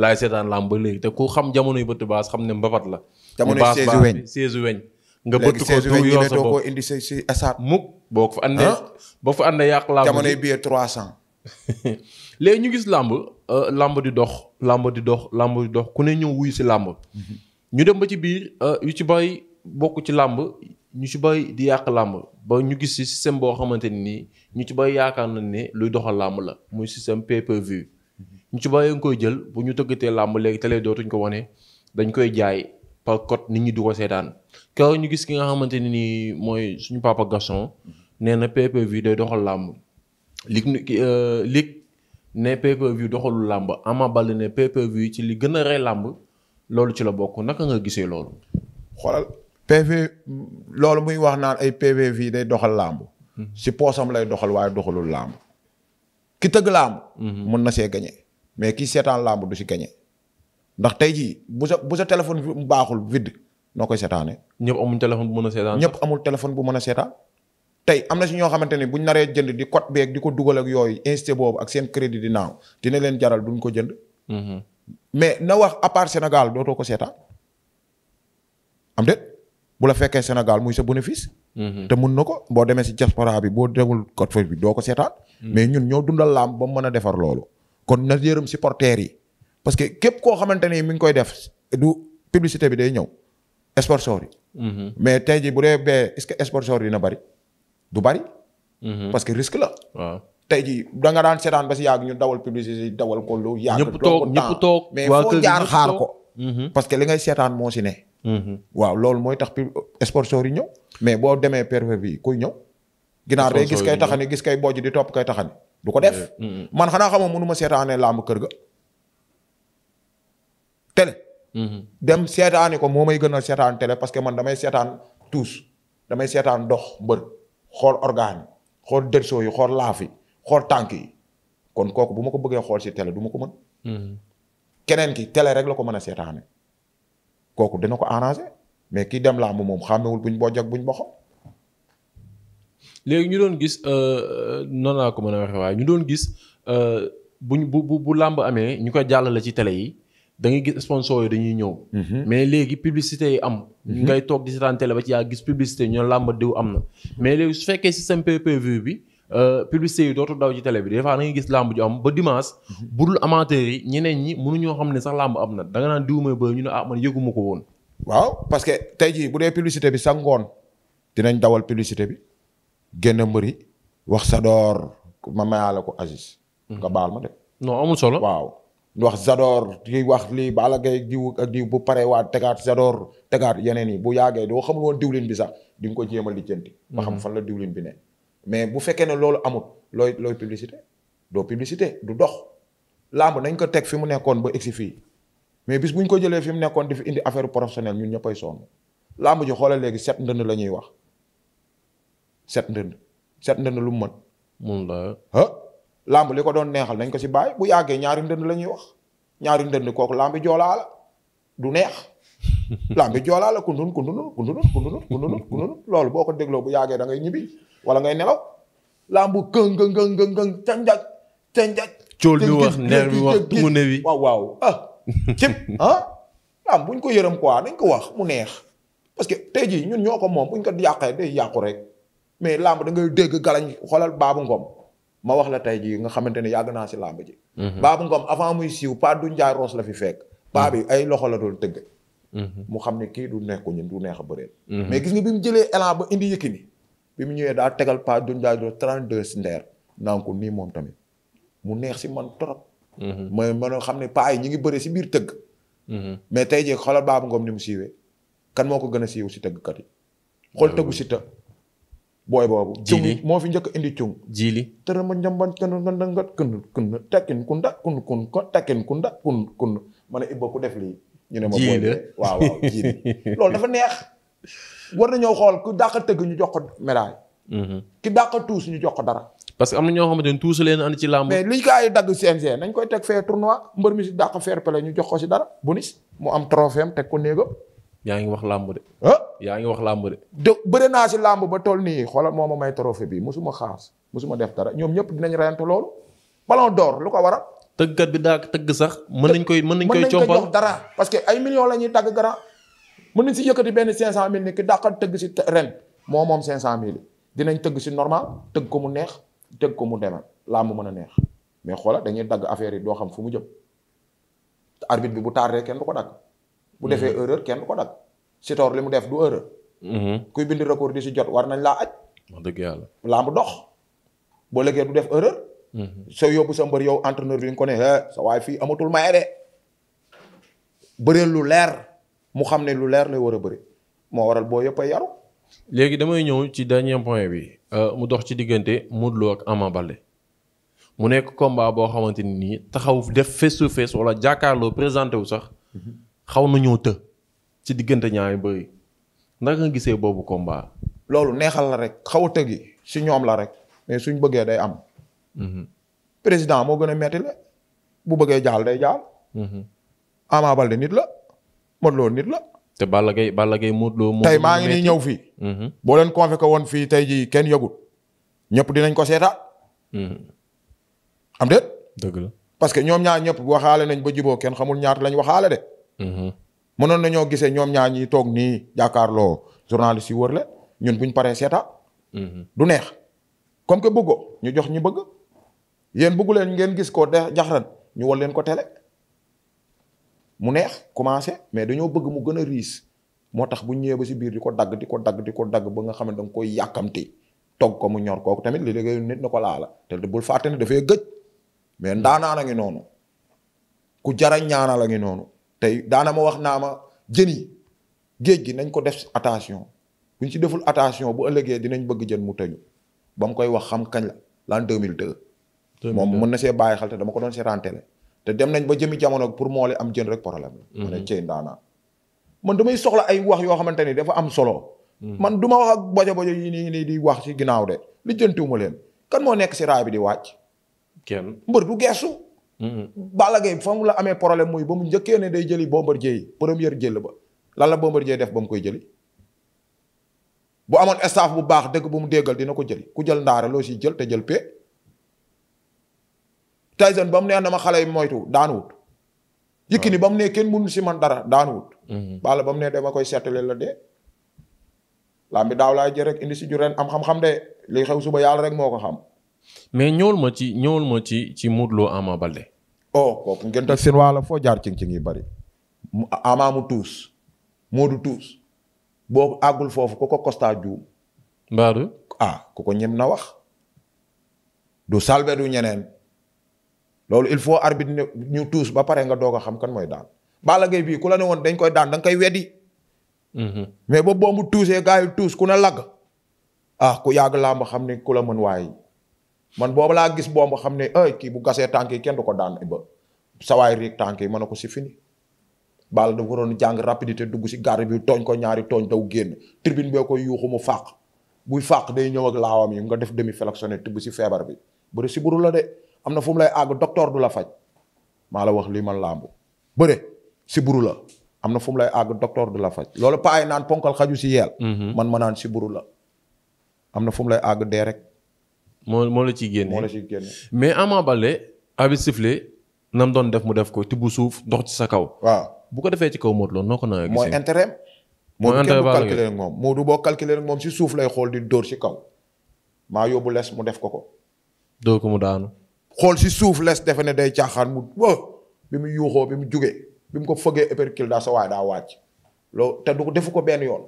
laay seetaan làmb ba léegi te ku xam jamono yu bëtt baas xam ne mbapat la. jamono yu ko du yoo sa bopp indi si si boo ko boo fa andee yàq làmb jamono yi biyee 300. léegi ñu gis làmb euh, làmb di dox làmb di dox làmb dox ku ne ñëw wuyu si làmb. Mm-hmm. ñu dem ba ci biir euh, yu ci bay bokk ci làmb ñu ci bay di yàq làmb ba ñu gis ci système boo xamante nii ñu ci bay yaakaar nañ ne luy doxal làmb la muy sistème pay ñu ci bay nga koy jël bu ñu tëggatee làmb léegi télé dootuñ ko wane dañ koy jaay par code nit ñi du ko seetaan kaw ñu gis ki nga xamante ne nii mooy suñu papa Gaston nee na pay-per-view day doxal làmb lig euh, lig ne pay-per-view doxalu làmb Ama Baldé ne pay ci li gën a rey làmb loolu ci la bokk naka nga gisee loolu PV loolu muy wax naan ay PVV day doxal làmb hmm. si poosam lay doxal waaye doxalul làmb ki tëgg làmb mun hmm. na see gañe mais kii seetaan làmb du si gañe ndax tey jii bu sa bu sa téléphone bi baaxul vide noo koy seetaanee. ñëpp amul téléphone bu mën a seetaan. ñëpp amul téléphone bu mën a seetaan. tey am na si ñoo xamante ni buñ naree jënd di code beeg di ko dugal ak yooyu incité boobu ak seen crédit di naaw dina leen jaral duñ ko jënd. Hmm. mais na wax à Sénégal dootoo ko seetaan am déet. bu la fekkee Sénégal muy sa bénéfice. Mhm. te mun na ko boo demee si diaspora bi boo dégul code foofu bi doo ko seetaan. Mhm. mais ñun ñoo dundal laam ba mu mën a defar loolu. kon na yërëm supporters yi parce que képp koo xamante ni mi ngi koy def du publicité bi day ñëw sponsor yi. Mhm. mais tey jii bu dee bee est-ce que sponsor yi na bari du bari. parce que risque la. tey jii da nga daan seetaan ba si yàgg ñu dawal publicité dawal ko lu. yàgg ñëpp toog ñëpp mais foo jaar xaar ko. parce que li ngay seetaan moo si ne. Mm-hmm. waaw loolu mooy tax sponsor yi ñëw mais boo demee pervers bi kuy ñëw ginaar day gis kay taxani gis kay bojj di topp kay taxani du ko def mm-hmm. Mm-hmm. man xanaa xamoo mënuma seetaanee làmb kër ga télé dem seetaani ko moo may gën a seetaan télé parce que man damay seetaan tuus damay seetaan dox mbër xool organe xool dërsoo yi xool laaf yi xool tànk yi kon kooku bu ma ko bëggee xool si télé du ma ko mën keneen ki tele rek la ko mën a seetaane kooku dana ko arrangé mais kii dem làmb moom xàmmewul buñ bojj ak buñ boxam. léegi ñu doon gis euh, noonu laa ko mën a waxee waaye ñu doon gis euh, buñ bu bu bu làmb amee ñu koy jàllale ci télé yi da ngay gis sponsor yi dañuy ñëw. Mhm. mais léegi publicité yi am. Mhm. ngay toog di seetaan télé ba ci yaa gis publicité ñoo làmb diw am na. mais léegi su fekkee système PPV bi. Euh, publicité yi dootul daw ci télé bi des fois da ngay gis làmb ju am ba dimanche. Mhm. budul amateur yi ñeneen ñi ñoo xam ne sax làmb am na da naan diw may ba ñu ne ah man yëguma ko woon. waaw parce que tey jii bu dee publicité bi sax ngoon dinañ dawal publicité bi génn mbëri wax Sador ma mayaale ko Aziz. Mhm. nga baal ma de. non amul solo waaw. wax Zador di wax lii baala Gaye diw ak diw bu paree waa tegaat Zador tegaat yeneen yi bu yàggee doo xamul woon diwlin bi sax di nga ko jéem a lijjanti. xam mhm. fan la diwlin bi ne. mais bu fekkee ne loolu amut looy looy publicité doo publicité du dox làmb nañ ko teg fi mu nekkoon ba egsi fii mais bis bu ñu ko jëlee fi mu nekkoon di fi indi affaire professionnelle ñun ñëppay sonn làmb ji xoolal léegi set ndënd la ñuy wax set ndënd set ndënd lu mën. mun la ah. làmb li ko doon neexal nañ ko si bàyyi bu yàggee ñaari ndënd la ñuy wax ñaari ndënd kooku làmb joolaa du neex. lambi joolaa la kundun kundunut kundunut kundunut kundunut kundunut loolu boo ko dégloo bu yàggee da ngay ñibbi wala ngay nelaw lambu këng këng këng këng këng canjaj canjaj cool bi wax ndeer bi wax tungu ne wi waaw waaw ah cib ah lamb buñ ko yërëm quoi nañ ko wax mu neex parce que tey jii ñun ñoo ko moom buñ ko yàqee day yàqu rek mais lamb da ngay dégg galañ xoolal baabu ngom ma wax la tey jii nga xamante ne yàgg naa si lamb ji mhm. baabu ngom avant muy siiw pa du njaay roos la fi fekk paa bi ay loxo la doon tëgg Mm-hmm. mu xam ne kii du nekku ñun du neex a bëreel. Mm-hmm. mais gis nga bi mu jëlee élan ba indi yëkkini bi mu ñëwee daa tegal pas duñ daa doon 32 ndeer naan ko nii moom tamit mu neex si man trop. mooy mm-hmm. mën xam ne paa yi ñu ngi bëri si biir tëgg. mais tey jii xoolal Baba Ngom ni mu siiwee kan moo ko gën a siiw si tëggkat yi. xool tëggu si ta booy boobu. jiili moo fi njëkk indi cung. jiili tërë ma njamban kenn nga kën kun kun tekkin kunda kun kun ko tekkin kunda kun kun ma ne Ibba ku def lii. ñu ne ma booy de waaw waaw loolu dafa neex war ñëw xool ku dàq tëgg ñu jox ko médaille mhm. ki dàq tuus ñu jox ko dara parce que am na ñoo xamante ne tuus leen and ci làmb mais liñ gaa yi dagg CNG nañ koy teg fee tournoi mbër mi si dàq fair play ñu jox ko si dara bonus mu am trophée am teg ko néegam yaa ngi wax làmb de ah yaa ngi wax làmb de de bëri naa si làmb ba toll nii xoolal moo ma may trophée bi musuma xaas musuma def dara ñoom ñëpp dinañ reyante loolu ballon d'or lu ko waral tëggkat bi daa tëgg sax mën nañ koy mën nañ koy compal jox dara parce que ay millions la ñuy tàgg grand mën nañ si yëkkati benn cinq cent mille ni ki dàqal tëgg si ren moo moom cinq cent mille dinañ tëgg si normal tëgg ko mu neex tëgg ko mu demee laa mu mën a neex mais xoola dañuy dagg affaire yi doo xam fu mu jëm arbitre bi bu tardé kenn du ko dagg bu defee heureur mhm. kenn du ko dagg Sitor li mu def du erreur mhm. kuy bind record di si jot war nañ laa aj wax dëgg yàlla laa mu dox boo lëggee du def erreur Mhm. soo yóbbu sa mbër yow entraîneur bi ñu ko ne eh, sa fii amatul maye bëree lu leer mu xam ne lu leer lay war a bëri moo waral boo yëpp a yaru. léegi damay ñëw ci dernier point bi euh, mu dox ci diggante Modou Lo ak mu nekk combat boo xamante ni nii taxaw def face to wala jàkkaarloo présenté wu sax mhm. xaw na ci diggante ñaari bëri nga gisee boobu combat. loolu neexal la rek xaw a tëggi si ñoom la rek mais suñ bëggee day am. président moo gën a metti la bu bëggee jaal day jaal. Ama Baldé nit la Modou Lo nit la. te Balla Gaye Balla Gaye Modou Lo. tey maa ngi nii ñëw fii. Mhm. boo leen ko woon fii tey jii kenn yëgut ñëpp dinañ ko seeta mhm. am déet. dëgg la parce que ñoom ñaar ñëpp waxaale nañ ba jiboo kenn xamul ñaata lañ waxaale de. Mhm. mënoon nañoo gisee ñoom ñaar ñi toog nii jàkkaarloo journaliste yi wër la ñun buñ paree seeta du neex comme que bëggoo ñu jox ñu bëgg. yéen bëggu leen ngeen gis ko de jaxran ñu wal leen ko tele mu neex commencé mais dañoo bëgg mu gën a riis moo tax bu ñëwee ba si biir di ko dagg di ko dagg di ko dagg ba nga xam ne da koy yàkkamti togg ko mu ñor kooku tamit li liggéeyu na ko laala te bul fàtte ne dafay gëj mais ndaanaan a ngi noonu ku jara ñaanal a ngi noonu tey daana ma wax naa ma jën yi géej gi nañ ko def attention buñ si deful attention bu ëllëgee dinañ bëgg jën mu tëñu ba mu koy wax xam kañ la l'an 2002 moom mën na see bàyyi xel te dama ko doon seetaan télé te dem nañ ba jëmi jamono pour moole am jën rek problème la mhm. ma cey ndaanaa man damay soxla ay wax yoo xamante ni dafa am solo mhm. man du ma wax ak bojo bojo yi nii di wax ci ginnaaw de li jëntuwuma leen kan moo nekk si raay bi di wàcc kenn mbër du geesu mhm. Balla Gaye fa mu la amee problème muy ba mu njëkkee ne day jëli Bombardier yi première jël ba lan la Bombardier def ba mu koy jëli bu amoon staff bu baax dëgg ba mu déggal dina ko jëli ku jël ndaare loo siy jël te jël pee Tyson ba mu neex na ma xale yi moytu daanuwut. Yékini ba mu ne kenn mënu si man dara daanuwut. Mhm. Balla ba mu ne dama koy seetale la de. lamb bi daaw laay jël rek indi si ju am xam-xam de li xew suba yàlla rek moo ko xam. mais ñëwul ma ci ñëwul ma ci ci Modou Lo Ama Baldé. oh kooku ngeen teg seen wàll foo jaar cing cing yi bari. mu Ama mu tuus. Modou tuus. boo àggul foofu ku ko Costa juum. mbaadu ah ku ko ñem na wax. du salbe ñeneen. loolu il faut arbitre ñu tuus ba pare nga doog a xam kan mooy daan Balla Gaye bii ku la ne woon dañ koy daan da nga koy weddi. Mm-hmm. mais ba bombu tuusee gars yi tuus ku ne lagg. ah ku yàgg làmb xam ne ku la mën waaye man boobu laa gis bomb xam ne ay kii bu gasee tànk kenn du ko daan ba sawaay tànk yi mën na ko si fini. Balla dafa waroon jàng rapidité dugg si garde bi tooñ ko ñaari tooñ daw génn tribune bee koy yuuxu mu fàq buy fàq day ñëw ak laawam yi nga def demi flexion tibb si feebar bi bëri si buru la de. am na fu mu lay àgg docteur du la faj maa la wax lii man làmb bëre si buru la am na fu mu lay àgg docteur du la faj loolu paa naan ponkal xaju si yeel. Mhm. man ma naan si buru la am na fu mu lay àgg dee rek. moo moo la ciy génne moo la ciy génne. mais Ama Baldé abi sifflé doon def mu def ko tibb suuf dox ci sa kaw. waaw bu ko defee ci kaw Modou Lo noo ko naa. mooy intérêt mooy intérêt boo boo calculé ak si suuf lay xool di dóor si kaw maa yóbbu les mu def ko ko. doo ko mu daanu. xool si suuf les defe ne day caaxaan mu wë bi mu yuuxoo bi mu jugee bi mu ko fëggee épercule daa sa waay daa wàcc loolu te du defu ko benn yoon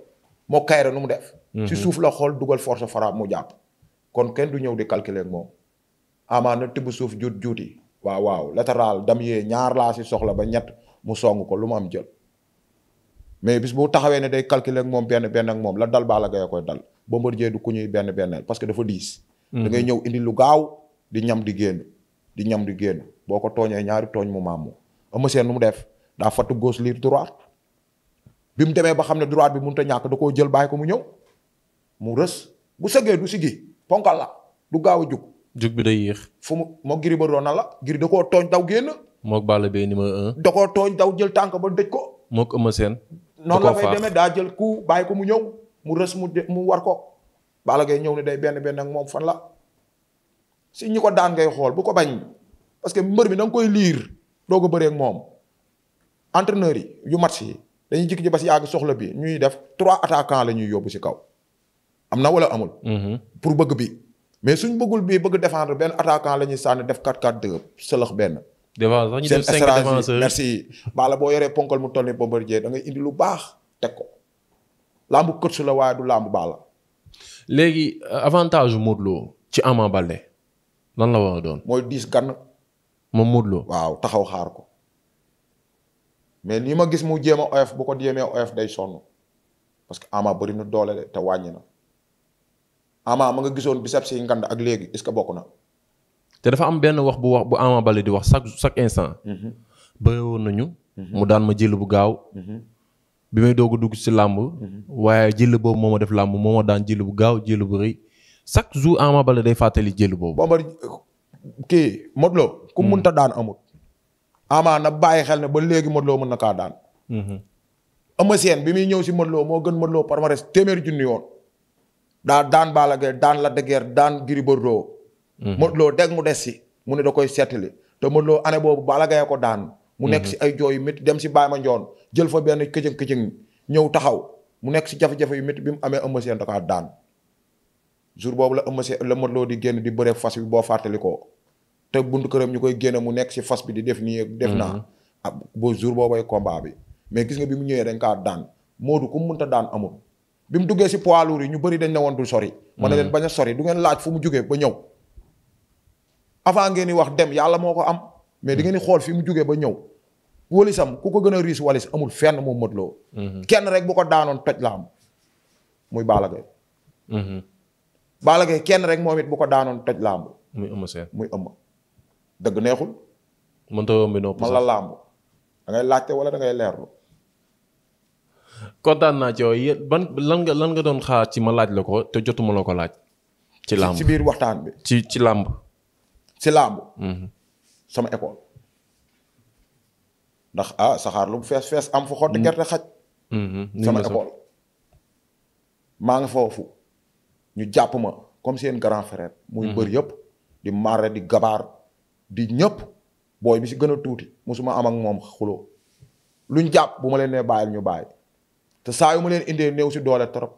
moo kayra nu mu def. si mhm. suuf la xool dugal force fara mu jàpp. kon kenn du ñëw di calculer moom amaana tibb suuf juut juuti. waaw waaw latéral dam yee ñaar laa si soxla ba ñett mu song ko lu mu am jël. mais bis bu taxawee ne day calculer moom benn benn ak moom la dal Balla Gaye koy dal jee du ku ñuy benn benneel parce que dafa diis. da ngay mhm. ñëw indi lu gaaw di ñam di génn. di ñam di génn boo ko tooñee ñaari tooñ mu maamu Eumeu seen nu mu def daa fatt gauche lii droite bi mu demee ba xam ne droite bi mënut a ñàkk da koo jël bàyyi ko mu ñëw mu rës bu sëggee du sigi ponkal la du gaaw a jug. jug bi day fu mu moo giri ba na la giri da koo tooñ daw génn. moog Balla Gaye numéro 1. da koo tooñ daw jël tànk ba dëj ko. moog Eumeu Sène. noonu la fay daa jël ku bàyyi ko mu ñëw mu rës mu mu war ko. Balla Gaye ñëw ne day benn benn ak moom fan la. si ñi ko daan ngay xool bu ko bañ parce que mbër mi da koy liir doo ko bëree moom entraîneur yi yu match yi dañuy jikki ji ba si yàgg soxla bi ñuy def trois attaquants la ñuy yóbbu si kaw am na wala amul. Mm-hmm. pour bëgg bi mais suñ bëggul bii bëgg défendre benn attaquant la ñuy sànni def 4-4-2 sëlëx benn. devant sax ñu def cinq défenseurs boo yoree ponkal mu toll nii Bombardier da ngay indi lu baax teg ko lambu kër la waaye du lambu baala. léegi euh, avantage Modou Lo ci Ama Baldé lan la war a doon. mooy diis gan. ma Modou Lo waaw taxaw xaar ko mais ni ma gis mu jéem a oyof bu ko jéemee oyof day sonn parce que Ama na doole de te wàññi na Ama ma nga gisoon biceps yi ngand ak léegi est que bokk na. te dafa am benn wax bu wax bu Ama bale di wax chaque chaque instant. Mhm. bëri woon nañu. Mhm. mu daan ma jill bu gaaw. Mhm. bi may doog a dugg ci làmb. waaye jël boobu moo ma def làmb moo ma daan jël bu gaaw jël bu rëy. chaque jour Ama Baldé day fàttali jël boobu. bombar kii Modou Lo ku hmm. munta daan amut. Ama na bàyyi xel ne ba léegi Modou Lo mën na kaa daan. Hmm. Eumeu Sène bi muy ñëw si Modou Lo moo gën Modou Lo palmarès téeméeri junni yoon. daa daan Balla Gaye daan la de daan Gris Bordeaux. Hmm. Modou deg mu des si mu ne da koy seetali te Modou Lo boobu Balla Gaye ko daan. mu nekk si ay jooy yu métti dem si Baye Ma Ndione jël fa benn këcëg këcëg ñëw taxaw mu nekk si jafe-jafe yu métti bi mu amee Eumeu Sène da kaa daan. jour boobu la ëmb si la Modou Lo di génn di bëre fas bi boo fàttali ko te buntu këram ñu koy génne mu nekk si fas bi di def nii def naa mm-hmm. ah ba jour boobay combat bi mais gis nga bi mu ñëwee dañ kaa daan Modou ku mu mënta daan amul bi mu duggee si poids lourd yi ñu bëri dañ ne woon du sori ma na mm-hmm. leen bañ a sori du ngeen laaj fu mu jugee ba ñëw avant ngeen di wax dem yàlla moo ko am mais di ngeen di mm-hmm. xool fi mu jógee ba ñëw walisam ku ko gën a riis walis amul fenn moom Modou kenn rek bu ko daanoon toj la am muy Balla Balla Gaye kenn rek moom it bu ko daanoon toj làmb muy ëmb seen muy ëmb. dëgg neexul. mënta ëmb nopp man la làmb da ngay laajte wala dangay ngay leerlu. kontaan naa ci yow ban lan nga lan nga doon xaar ci ma laaj la ko te jotuma la ko laaj. ci làmb ci biir waxtaan bi. ci ci làmb. ci làmb. Mhm. sama école. ndax ah saxaar lu mu fees fees am fu xott mm. gerte xaj. Mhm. sama école. maa nga foofu. ñu jàpp ma comme seen grand frère. muy mbër mhm. yëpp di marre di gabaar di ñëpp booy bi si gën a tuuti mosuma am ak moom xuloo luñ jàpp bu ma leen nee bàyyil ñu bàyyi te saa yu ma leen indee new si doole trop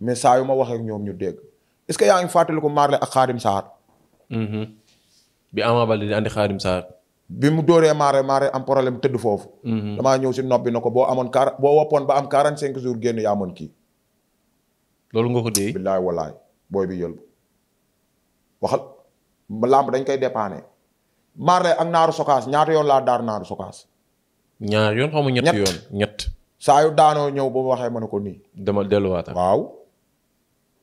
mais saa yu ma waxee ñoom ñu dégg est ce que yaa ngi fàttaliku Marley ak Xaadim Saar. Mhm. bi Ama Baldé di andi Xaadim Saar. bi mu dooree Marley Marley am problème tëdd foofu. Mhm. damaa ñëw si nopp bi na ko boo amoon car boo woppoon ba am 45 jours génn yaa amoon kii. loolu nga ko dee. billaay walaay booy bi yël waxal làmb dañ koy dépanner. Marley ak Naaru Sokaas ñaata yoon laa daar Naaru Sokaas. ñaar yoon xamu ñett yoon ñett saa yu daanoo ñëw ba mu waxee ma ne ko nii. dama delluwaat waaw.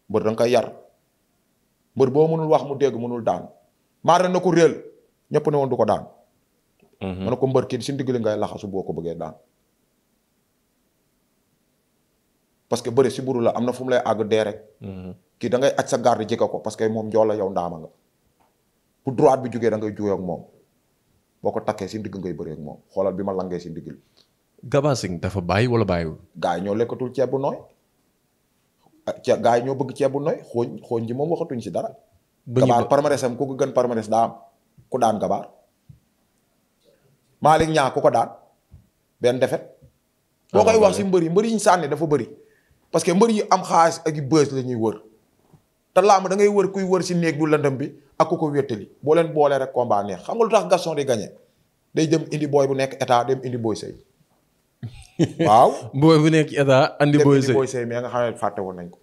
mbër da koy yar mbër boo mënul wax mu dégg mënul daan Marley na ko réel ñëpp ne woon du ko daan. Mhm. ma ne ko mbër kii si ndigli ngay laxasu boo ko bëggee daan. parce que bëri si buru la am na fu mu lay àgg dee rek. Mhm. kii dangay ngay aj sa garde jege ko parce que moom njool la yow ndaama nga. bu droite bi jógee da ngay juyoo ak moom boo ko takkee si ndigg ngay bëree ak moom xoolal bi ma langee si ndigg li. Gabbar Singh dafa bàyyi wala bàyyiwul. gars yi lekkatul ceeb bu nooy. Ah, ce yi ñoo bëgg ceeb bu nooy xooñ xooñ ji moom waxatuñ si dara. ba ñu Gabbar palmarès am ku ko gën palmarès daa am ku daan Gabbar. Malick ñaa ku ko daan benn defet boo koy ah, wax si mbëri mbëri yi ñu sànni dafa bëri. parce que mbër yi am xaalis ak yu bës la ñuy wër te làmb da ngay wër kuy wër si néeg bu lëndëm bi ak ku ko wéttali boo leen boolee rek combat neex xam nga lu tax Gaston di gagné day dem indi booy bu nekk état dem indi booy sëy waaw nekk état andi booy sëy nga xam ne fàtte woon nañ ko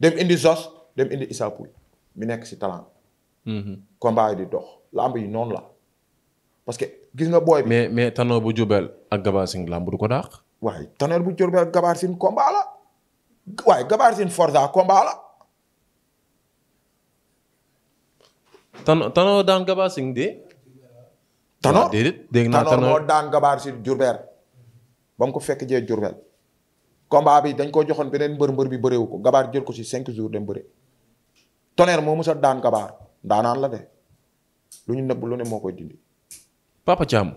dem indi sos dem indi isapouy mu nekk si talent mhm. combat yi di dox làmb yi noonu la parce que gis nga booy bi mais mais tanoor bu jubel ak gabaar sin làmb du ko daax waaye tanoor bu jubel ak gabaar sin waaye Gabaar Sine Forza combat la. Tano Tano daan Gabaar Sine de. dégg naa Tano moo daan Gabaar ba mu ko fekk jee Diourbel. combat bi dañ ko joxoon beneen mbër mbër bi bëreewu ko Gabaar jël ko ci cinq jours dem bëre. tonnerre moo mës a daan Gabaar daanaan la de lu ñu nëbb lu ne moo koy dindi. Papa Thiam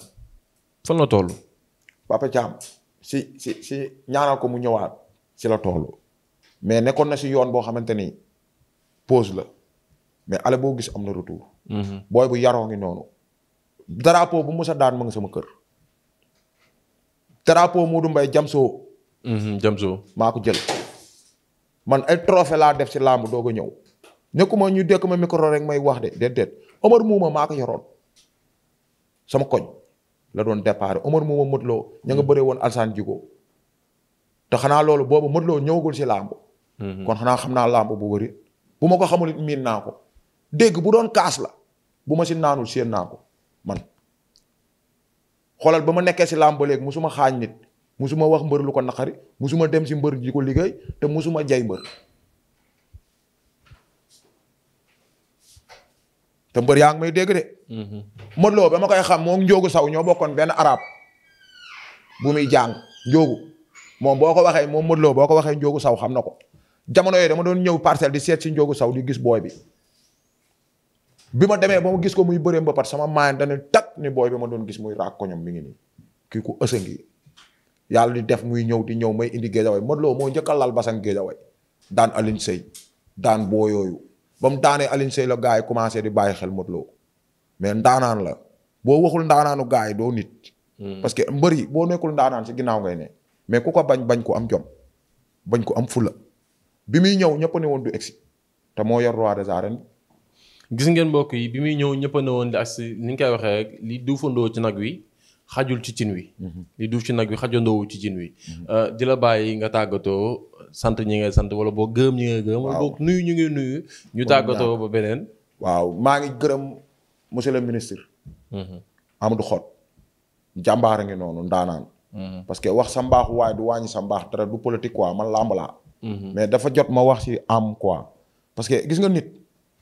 fan la toll. Papa Thiam si si si ñaanal ko mu ñëwaat. ci la toll mais nekkoon na si yoon boo xamante ni pose la mais ale boo gis am na retour. Mhm. booy bu yaroo ngi noonu. drapeau bu mës a daan ma nga sama kër. drapeau Modou Mbaye Jamso. Mhm, Jamso maa ko jël. man ay trophée laa def ci làmb doog a ñëw. nekkuma ñu dekk ma micro rek may wax de déedéet Omar Mouma maa ko yoroon sama koñ la doon déparé Omar Mouma Modou ña nga mhm. bëree woon Alsaan Jigo. te xanaa loolu boobu Modou Lo ñëwagul si làmb. Mhm. kon xanaa xam naa làmb bu bëri. bu ma ko xamul miin naa ko. dégg bu doon kaas la bu ma si naanul séen naa ko man. xoolal ba ma nekkee si làmb ba léegi musuma xaañ nit musuma wax mbër lu ko naqari musuma dem si mbër ji ko liggéey te musuma jay mbër. te mbër yaa ngi may dégg de. Mhm. Modou Lo ba ma koy xam moom Njóogu Saw ñoo bokkoon benn araab bu muy jàng Njóogu. moom boo ko waxee moom Modou boo ko waxee Njóogu Saw xam na ko jamono yooyu dama doon ñëw parcelle di seet si Njóogu Saw di gis booy bi bi ma demee ba ma gis ko muy bëree mbapat sama maay dana tak ni booy bi ma doon gis muy raak ko ñoom mi nii kii ku ësa ngi yàlla di def muy ñëw di ñëw may indi géejaway Modou moo njëkk a lal basan géejaway daan Alioune Seye daan boo yooyu ba mu daanee Alioune Seye la gars yi commencé di bàyyi xel Modou Lo mais ndaanaan la boo waxul ndaanaanu gars yi doo nit. Hmm. parce que mbër yi boo nekkul ndaanaan si ginnaaw ngay ne. mais ku ko bañ bañ ko am jom bañ ko am fula bi muy ñëw ñëpp ne woon du egsi te moo yor roi des arènes. gis ngeen mbokk yi bi muy ñëw ñëpp ne woon di as ni nga koy waxee rek li duufandoo ci nag wi xajul ci cin wi. Mhm. li duuf ci nag wi xajandoowu ci cin wi. Mhm. Euh, di la bàyyi nga tàggatoo sant ñi ngay sant wala boo gërëm ñi ngay gërëm. wala boo nuyu ñu ngay nuyu. ñu tàggatoo ba beneen. waaw maa ngi gërëm monsieur le ministre. Mhm. Amadou xot jàmbaar a ngi noonu ndaanaan. Mhm. parce que wax sa mbaaxu waaye du wàññi sa mbaax dara du politique quoi man làmb laa. Mhm. mais dafa jot ma wax si am quoi. parce que gis nga nit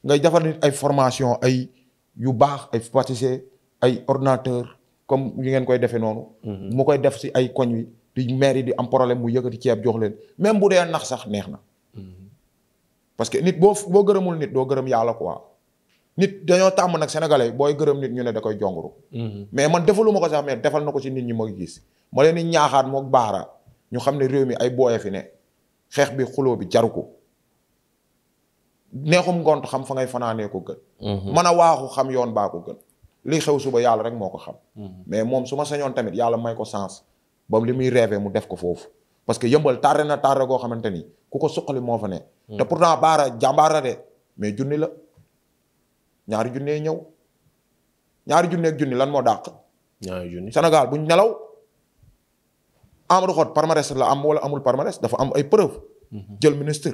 ngay defar nit ay formation ay yu baax ay pâtissier ay ordinateur comme yu ngeen koy defee noonu. Mhm. mu koy def si ay koñ wi di maire yi di am problème mu yëkkati ceeb jox leen même bu dee nax sax neex na. parce que nit boo boo gërëmul nit doo gërëm yàlla quoi. nit dañoo tàmm nag sénégalais booy gërëm nit ñu ne da koy jonguru mais man defalu ma ko sax mais na ko ci nit ñi ma gis. ma leen ñaaxaat mook baara ñu xam ne réew mi ay booye fi ne xeex bi xuloo bi jaru ko neexum ngont xam fa ngay fanaanee ko gën man mhm. a waaxu xam yoon baa ko gën lii xew suba yàlla rek moo ko xam mhm. mais moom su ma sañoon tamit yàlla may ko sens ba li muy rêvé mu def ko foofu parce que yëmbal tarre na tarre goo xamante ni ku ko suqali moo fa ne mhm. te pourtant baara jàmbaara de mais junni la ñaari junnee ñëw ñaari junneeg junni lan moo dàq ñaari junni buñ nelaw Amadou Hott palmarès la am wala amul palmarès dafa am ay preuve mhm. jël ministre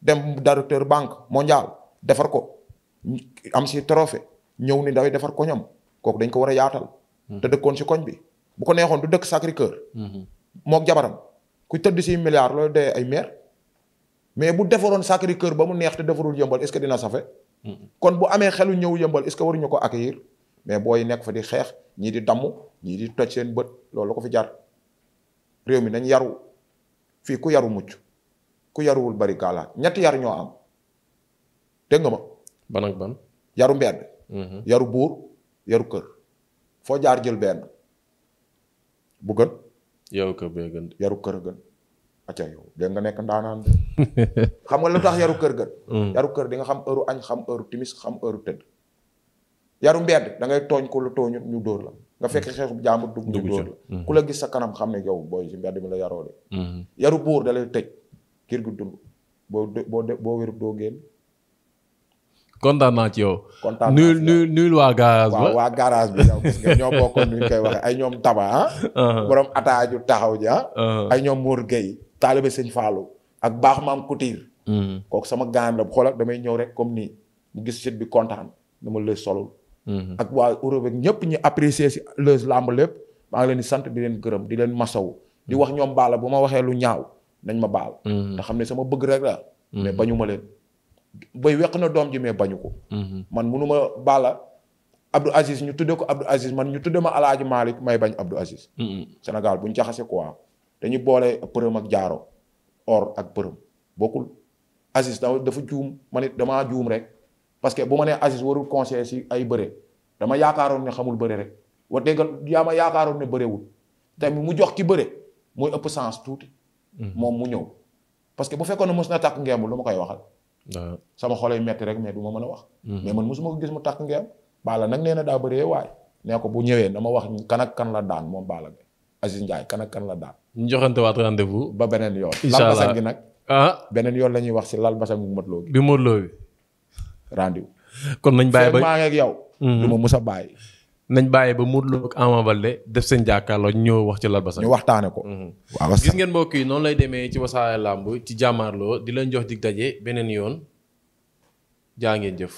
dem directeur banque mondial defar ko am si trophée ñëw ni daway defar koñam kooku dañ ko war a yaatal. Mhm. te dëkkoon si koñ bi bu ko neexoon du dëkk Sacré moo mhm. mook jabaram ku tëdd si milliard loolu dee ay maire mais bu defaroon Sacré Cœur ba mu neex te defarul yëmbal est-ce que dina safe. kon bu amee xelu ñëw yëmbal est que waruñu ko accueillir mais booy nekk fa di xeex ñii di dammu ñii di toj seen bët loolu ko fi jar. réew mi nañ yaru fii ku yaru mucc ku yaruwul bari gaalaat ñetti yar ñoo am dégg nga ma. ban ak yaru mbedd. Mhm. yaru buur yaru kër. foo jaar jël benn bu gën. yaru kër bee gën. yaru kër gën. acca yow dégg nga nekk ndaanaan de xam nga lu tax yaru kër gën. Mm. yaru kër di nga xam heure añ xam heure timis xam heure tëdd. yaru mbedd da tooñ ko lu tooñu ñu dóor la. nga fekk xeexub jàmbur dugg ci dóor la mm-hmm. ku la gis sa kanam xam ne yow booy ci mbedd mi la yaroo de mm-hmm. yaru buur da lay tëj kër gi dund boo boo boo wérub doo génn kontaan naa ci yow nuyul nuyul waa garage bi yow gis nga ñoo bokkoon nuñ koy waxee ay ñoom taba boroom ah. uh-huh. borom ataaju taxaw ji ah uh-huh. ay ñoom Mour Gueye taalibe sëñ Fallou ak baax maam Couture mm-hmm. kooku sama gaan la xoolal damay ñëw rek comme nii mu gis sit bi kontaan dama lay solul Mhm. ak waa Europe ñëpp ñu apprécier si Leuz làmb lépp maa ngi leen di sant di leen gërëm di leen masawu di mhm. wax ñoom baala bu ma waxee lu ñaaw nañ ma baal. te mhm. xam ne sama bëgg rek la. mais bañuma leen. bay weq na doom ji mais bañu ko. man munu ma baala Abdou Aziz ñu tuddee ko Abdou Aziz man ñu tuddee ma Alaaji Malick may bañ Abdou Aziz. bu buñ jaxase quoi dañu boole përëm ak jaaro or ak përëm bokkul Aziz dafa juum ma it damaa juum rek. parce que bu ma nee Aziz warul conseiller si ay bëre dama yaakaaroon ne xamul bëre rek wa déggal yaa ma yaakaaroon ne bërewul tamit mu jox ki bëre mooy ëpp sens tuuti. Hmm. moom mu ñëw parce que bu fekkoon ne mos na takk ngeem lu ma koy waxal. sama xolay metti rek mais du ma mën a wax. Hmm. mais man mosuma ko gis mu takk ngeem. Balla nag nee na daa bëree waaye nee ko bu ñëwee dama wax kanak ak kan la daan moom Balla Gaye Aziz Ndiaye kan ak kan la daan. ñu joxante waat rendez ba beneen yoon. incha allah lal basang gi ah. beneen yoon la ñuy wax si lal basang bu mot loo bi. rendez-vous. kon nañ bàyyi ba a ngi ak yow. Mhm. du ma mus a bàyyi. nañ bàyyi ba mu Lo ak Ama Baldé def seen jàkkaarloo ñëw wax ci Lat Basse. ñu waxtaane ko. Mhm. waaw gis ngeen mbokk yi noonu lay demee ci Wassare Lamb ci jàmmaarloo di leen jox dig daje beneen yoon jaa ngeen jëf.